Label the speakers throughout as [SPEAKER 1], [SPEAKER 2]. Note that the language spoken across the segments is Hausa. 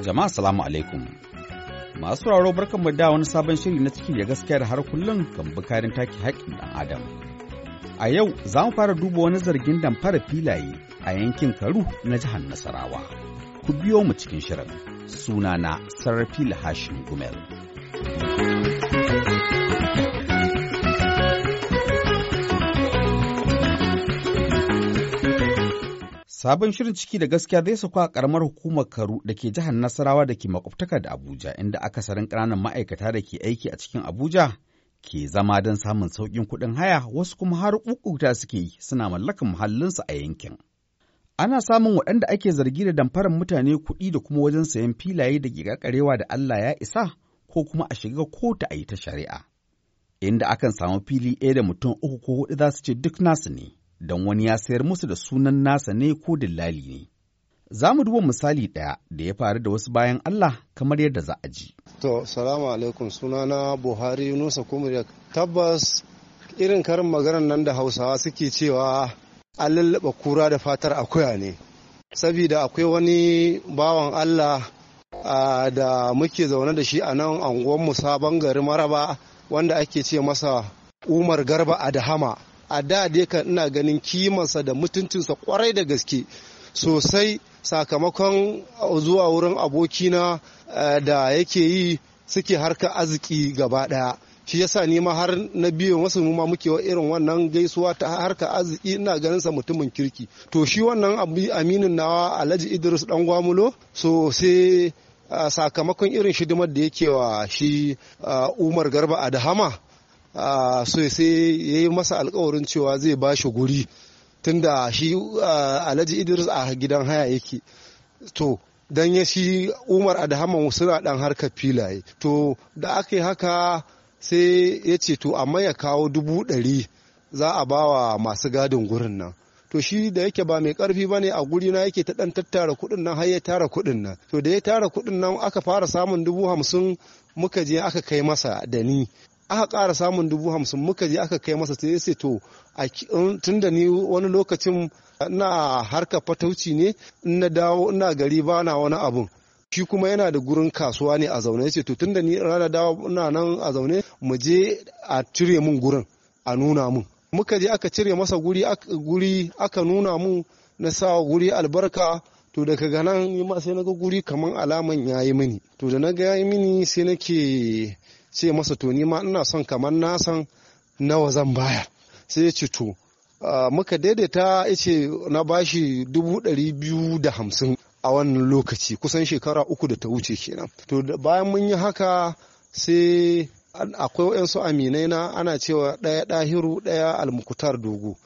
[SPEAKER 1] Jama'a salamu alaikum. Masu sauraro mu da wani sabon shiri na ciki da gaskiya da har kullum kan bukarin taki haƙƙin ɗan adam. A yau za mu fara duba wani zargin damfara filaye a yankin Karu na jihar Nasarawa. Ku biyo mu cikin shirin sunana Sarrafi Hashim Gumel. Sabon shirin ciki da gaskiya zai sauka a karamar hukumar Karu da ke jihar Nasarawa da ke makwabtaka da Abuja inda akasarin ƙananan ma'aikata da ke aiki a cikin Abuja ke zama don samun sauƙin kuɗin haya wasu kuma har ƙuƙuta suke yi suna mallakan muhallinsu a yankin. Ana samun waɗanda ake zargi da damfarar mutane kuɗi da kuma wajen sayan filaye da ke karewa da Allah ya isa ko kuma a shiga kotu a yi ta shari'a. Inda akan samu fili ɗaya da mutum uku ko huɗu za su ce duk nasu ne. don wani ya sayar musu da sunan nasa ne ko dillali ne. Za mu duba misali ɗaya da ya faru da wasu bayan Allah kamar yadda za a ji.
[SPEAKER 2] To, salamu alaikum sunana Buhari Nusa Kumriya. Tabbas irin karin maganar nan da Hausawa suke cewa an kura da fatar akuya ne. Sabida akwai wani bawan Allah da muke zaune da shi a nan anguwan mu sabon gari maraba wanda ake ce masa Umar Garba Adahama. a da dai kan ina ganin kimansa da mutuncinsa kwarai da gaske sosai sakamakon zuwa wurin abokina eh, da yake yi suke harka arziki gaba daya shi yasa ni ma har na biyu wasu mu ma muke wa irin wannan gaisuwa ta harka arziki ina ganin sa mutumin kirki to shi wannan aminin nawa Alhaji Idris dan gwamulo so sai eh, sakamakon irin shidimar da yake wa shi eh, Umar Garba Adahama so sai ya yi masa alkawarin cewa zai ba shi guri tunda shi alhaji idris a gidan haya yake to don ya shi umar adhaman suna dan harkar filaye to da aka yi haka sai ya ce to amma ya kawo dubu ɗari za a ba wa masu gadin gurin nan to shi da yake ba mai karfi ba ne a guri na yake ta dan tattara kuɗin nan har ya tara kuɗin nan to da ya tara kuɗin nan aka fara samun dubu hamsin muka je aka kai masa da ni aka ƙara samun dubu hamsin muka je aka kai masa sai sai to tun da ni wani lokacin na harka fatauci ne na dawo ina gari ba na wani abun shi kuma yana da gurin kasuwa ne a zaune ce to tun da ni rana dawo ina nan a zaune mu je a cire mun gurin a nuna mun muka je aka cire masa guri guri aka nuna mun na sa guri albarka to daga nan sai na ga guri kaman alaman yayi mini to da na ga yayi mini sai nake sai masa to ni ma ina son kamar na san nawa zan baya sai ya ce to muka daidaita ya ce na bashi dubu ɗari biyu da hamsin a wannan lokaci kusan shekara uku da ta wuce kenan to bayan mun yi haka sai akwai waɗansu aminai na ana cewa ɗaya ɗahiru ɗaya almukutar dogo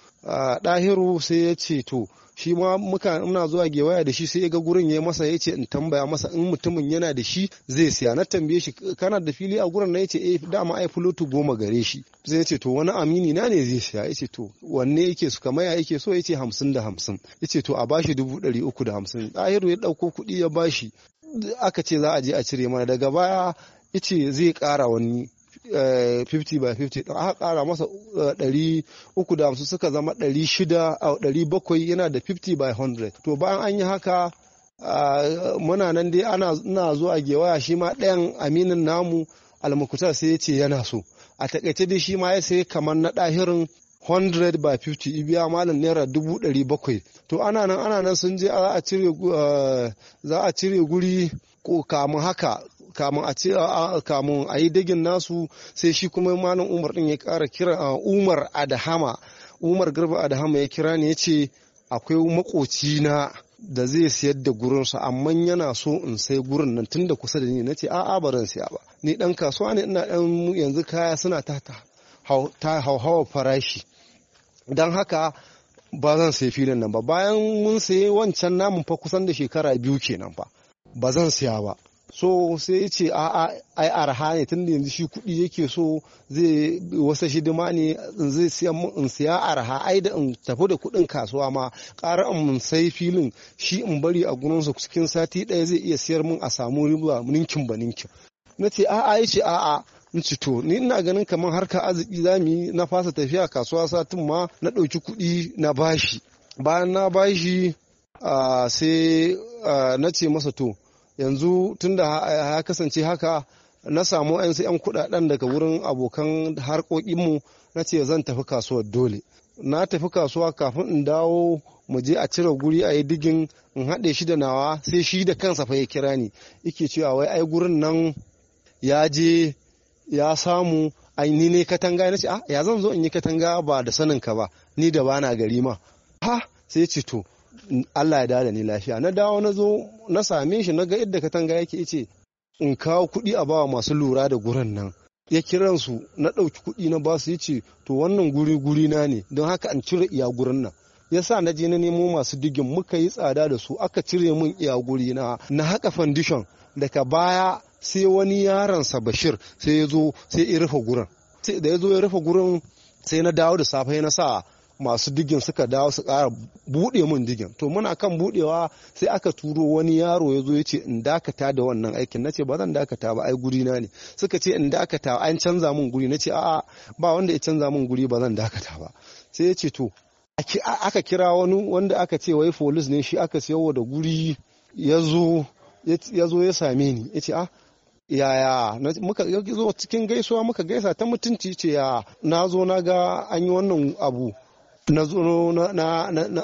[SPEAKER 2] ɗahiru sai ya ce to shi ma muka ina zuwa gewaya da shi sai ga gurin ya masa ya ce in tambaya masa in mutumin yana da shi zai siya na tambaye shi kana da fili a gurin na ya ce eh dama ai fulutu goma gare shi sai ya ce to wani amini na ne zai siya ya ce to wanne yake su kamar ya yake so ya ce hamsin da hamsin ya ce to a bashi dubu ɗari uku da hamsin ɗahiru ya ɗauko kuɗi ya bashi aka ce za a je a cire mana daga baya ya ce zai ƙara wani 50 eh, by 50 ɗin aka ƙara masa 350 eh, suka zama 600 a 700 yana da 50 by 100 to bayan an yi haka muna nan dai ana zuwa gewaya shi ma ɗayan aminin namu almakutar sai ya ce yana so a takaice dai shi ma ya sai kamar na ɗahirin 100 by 50 ibiya malin naira 700 to ana nan ana nan sun je za a cire eh, guri kamun haka kamun a ce kamun a yi digin nasu sai shi kuma malam umar din ya kara kira umar adahama umar garba adahama ya kira ne ya ce akwai makoci na da zai sayar da gurinsa amma yana so in sai gurin nan tun da kusa da ni na ce a'a ba zan siya ba ni dan kasuwa ne ina dan yanzu kaya suna ta hauhawar farashi dan haka ba zan sai filin nan ba bayan mun sayi wancan namun fa kusan da shekara biyu kenan fa ba zan siya ba so sai ya ce a'a ai arha ne tun da yanzu shi kuɗi yake so zai wasa hidima ne zai siya in siya arha ai da in tafi da kuɗin kasuwa ma ƙara in sai filin shi in bari a su cikin sati ɗaya zai iya siyar min a samu riba ninkin ba ninkin na ce a'a ya ce a'a in ci to ni ina ganin kamar harka arziki zamu yi na fasa tafiya kasuwa satin ma na ɗauki kuɗi na bashi bayan na bashi ah, sai ah, na ce masa to yanzu tunda ya kasance haka na samu yansu 'yan kudaden daga wurin abokan harkokinmu na ce zan tafi kasuwar dole na tafi kasuwa kafin in dawo mu je a cire guri a yi digin in haɗe shi da nawa sai shi da kansa fa ya kira ni yake cewa wai ai gurin nan ya je ya samu ai ni ne katanga na ce ah ya zan zo in yi katanga ba da sanin ka ba ni da bana gari ma ha sai ce to Allah ya dada ni lafiya na dawo na zo na same shi na ga yadda katanga yake ice in kawo kuɗi a bawa masu lura da gurin nan ya kiran su na ɗauki kuɗi na basu ya ce to wannan guri guri na ne don haka an cire iya gurin nan ya sa na je na nemo masu digin muka yi tsada da su aka cire min iya guri na na haka fandishon daga baya sai wani yaransa bashir sai ya zo sai ya rufe gurin da ya zo ya rufe gurin sai na dawo da safe na sa masu digin suka dawo su ƙara buɗe mun digin to muna kan buɗewa sai aka turo wani yaro ya zo ya ce in dakata da wannan aikin na ce ba zan dakata ba ai guri na ne suka ce in dakata an canza mun guri na ce a'a ba wanda ya canza mun guri ba zan dakata ba sai ya ce to aka kira wani wanda aka ce wai folis ne shi aka sayo da guri ya zo ya same ni ya ce a ah, yaya muka zo cikin gaisuwa muka gaisa ta mutunci ce ya na zo na ga an yi wannan abu na zo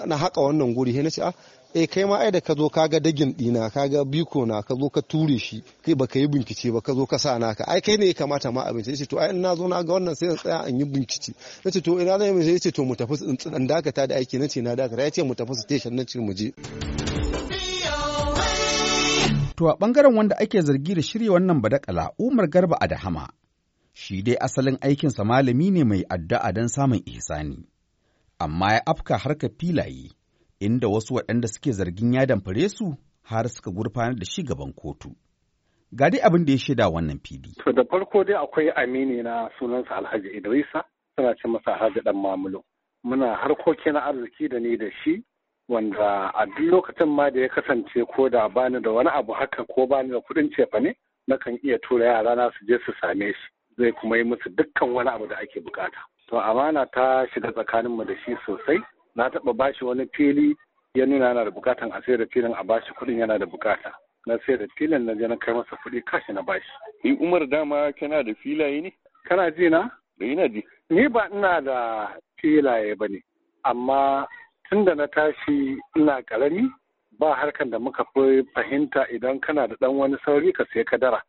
[SPEAKER 2] na haƙa wannan guri sai na ce a ah, eh, kai ma ai da ka zo ka ga dagin dina ka ga biko na ka zo ka ture shi kai ka yi bincike ba ka zo ka sa naka ai kai ne ya kamata ma abinci ce to ai in na zo na ga wannan sai in tsaya in yi bincike ce to ina zan yi ce to mu tafi in dakata da aiki na ce na dakata ya ce mu tafi station ce mu je To a ɓangaren wanda
[SPEAKER 1] ake zargi da shirya wannan badakala Umar Garba Adahama, shi dai asalin aikinsa malami ne mai addu'a don samun ihsani. amma ya afka ka filaye, inda wasu waɗanda suke zargin ya damfare su har suka gurfanar da shi gaban kotu. Ga dai abin da ya shaida wannan fili.
[SPEAKER 3] To da farko dai akwai amini na sunansa Alhaji Idrisa, suna ce masa Alhaji Dan Mamulo. Muna harkoki na arziki da ni da shi, wanda a duk lokacin ma da ya kasance ko da bani da wani abu haka ko bani da kuɗin cefa ne, nakan iya tura yara na su je su same shi. Zai kuma yi musu dukkan wani abu da ake bukata. to amana ta shiga tsakaninmu da shi sosai na taba bashi wani fili ya nuna yana da bukatan a sayar da filin a bashi kuɗin yana da bukata na sayar da filin na je na kai masa kuɗi kashi na bashi. Ni Umar dama kana da filaye ne? Kana ji na? Da ina ji. Ni ba ina da filaye ba ne amma tunda na tashi ina karami ba harkan da muka fi fahimta idan kana da ɗan wani sauri ka sai kadara.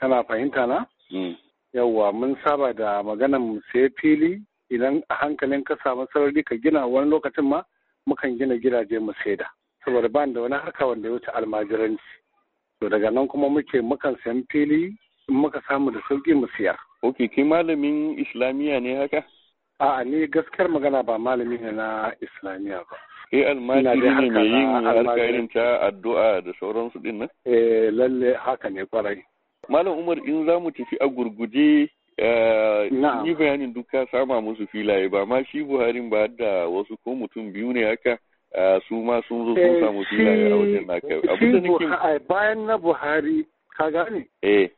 [SPEAKER 3] Kana fahimta na? Mm. yawwa mun saba da maganan mu sai fili idan a hankalin ka samu sarari ka gina wani lokacin ma mukan gina gidaje mu saida saboda ban da wani harka wanda ya wuce almajiranci to daga nan kuma muke mukan sayan fili in muka samu da sauki mu siyar ok kai malamin islamiya ne haka a'a ni gaskiyar magana ba malami ne na islamiya ba
[SPEAKER 4] eh almajiri ne mai yin harka irin ta addu'a da sauransu din nan eh lalle haka ne kwarai Malam Umar in za mu tafi a gurguje eh, yi bayanin duka sama musu filaye ba ma shi Buhari ba da wasu ko mutum biyu ne haka eh, su ma sun zo sun eh, samu filaye a wajen naka. Shi bayan na Buhari
[SPEAKER 3] ka gane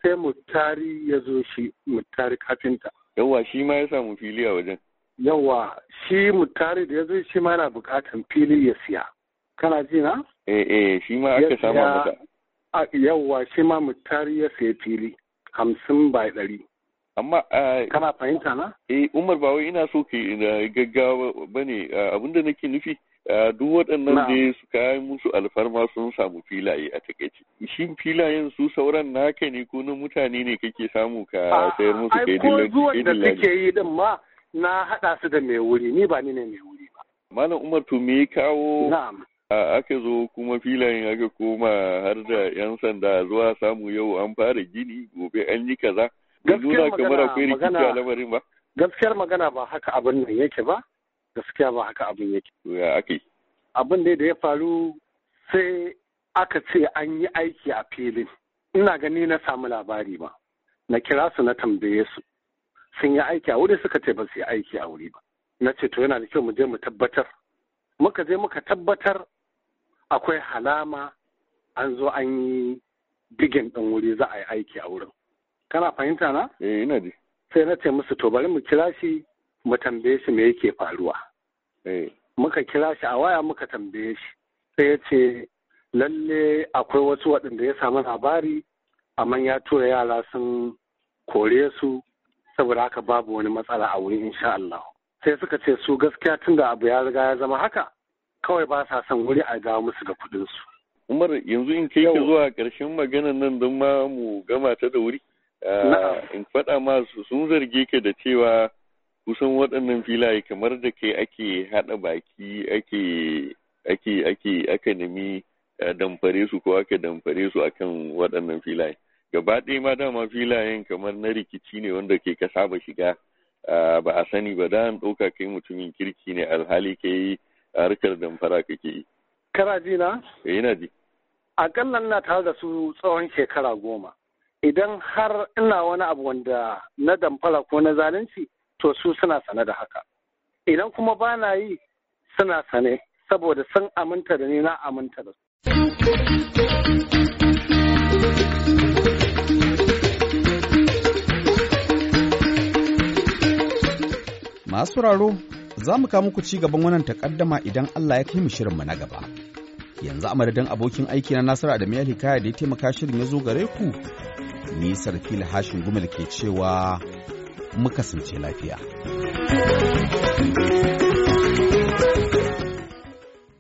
[SPEAKER 3] sai Mutari ya zo shi Mutari kafinta. Yawwa shi ma ya samu fili a wajen. Yawwa shi Mutari da ya zo shi ma yana bukatan fili ya siya. Kana ji na?
[SPEAKER 4] Eh eh shi ma aka sama masa.
[SPEAKER 3] yawwa shi ma tari ya sayi fili hamsin
[SPEAKER 4] bai ɗari amma kana fahimta na eh umar ba wai ina so ke gaggawa ba bane abinda nake nufi duk waɗannan da su kayan musu alfarma sun samu filaye a takaice shin filayen su sauran naka ne ko na mutane ne kake samu ka sayar musu kai dillan ko zuwan da suke yi din
[SPEAKER 3] ma na haɗa su da mai wuri ni ba ni ne mai wuri
[SPEAKER 4] ba malam umar to me kawo aka zo kuma filayen aka koma har da 'yan sanda zuwa samu yau an fara gini gobe an yi kaza
[SPEAKER 3] nuna kamar akwai rikici a
[SPEAKER 4] lamarin ba gaskiyar magana ba haka abin nan yake ba gaskiya ba haka abin yake ya ake
[SPEAKER 3] abin da ya faru sai aka ce an yi aiki a filin ina gani na samu labari ba na kira su na tambaye su sun yi aiki a wuri suka ce ba su yi aiki a wuri ba na ce to yana da kyau mu je mu tabbatar muka je muka tabbatar akwai halama an zo an yi digin ɗin wuri za a yi aiki a wurin kana fahimta na? eh ina ji sai na ce musu to bari mu kira shi mu tambaye shi me yake faruwa eh. muka kira shi a waya muka tambaye shi sai ya ce lalle akwai wasu waɗanda ya samu labari amma ya tura yara sun kore su saboda haka babu wani matsala a wuri insha Allah sai suka ce su gaskiya tunda abu ya riga ya zama haka kawai ba sa son wuri a ga musu da kudin su.
[SPEAKER 4] Umar yanzu in kai ka zuwa ƙarshen maganan nan don ma mu gama ta da wuri. In faɗa ma sun zarge ka da cewa kusan waɗannan filaye kamar da kai ake haɗa baki ake ake ake aka nemi damfare su ko aka damfare su akan waɗannan filaye. Gaba ɗaya ma dama filayen kamar na rikici ne wanda ke ka saba shiga ba a sani ba da an ɗauka kai mutumin kirki ne alhali kai harkar damfara kake yi
[SPEAKER 3] kana ji na eh, ina ji akalla na tare da su tsawon shekara goma idan har ina wani abu wanda na damfara ko na zalunci to su suna sane da haka idan kuma ba na yi suna sane saboda sun aminta da ni na aminta da su
[SPEAKER 1] masu raro Za mu kawo muku ci gaban wannan takaddama idan Allah ya kai mu shirinmu na gaba. Yanzu a madadin abokin aiki na Nasiru Adamu ya hikaya da ya taimaka shirin ya zo gare ku. Ni Sarfil Hashin Gumal ke cewa muka kasance lafiya.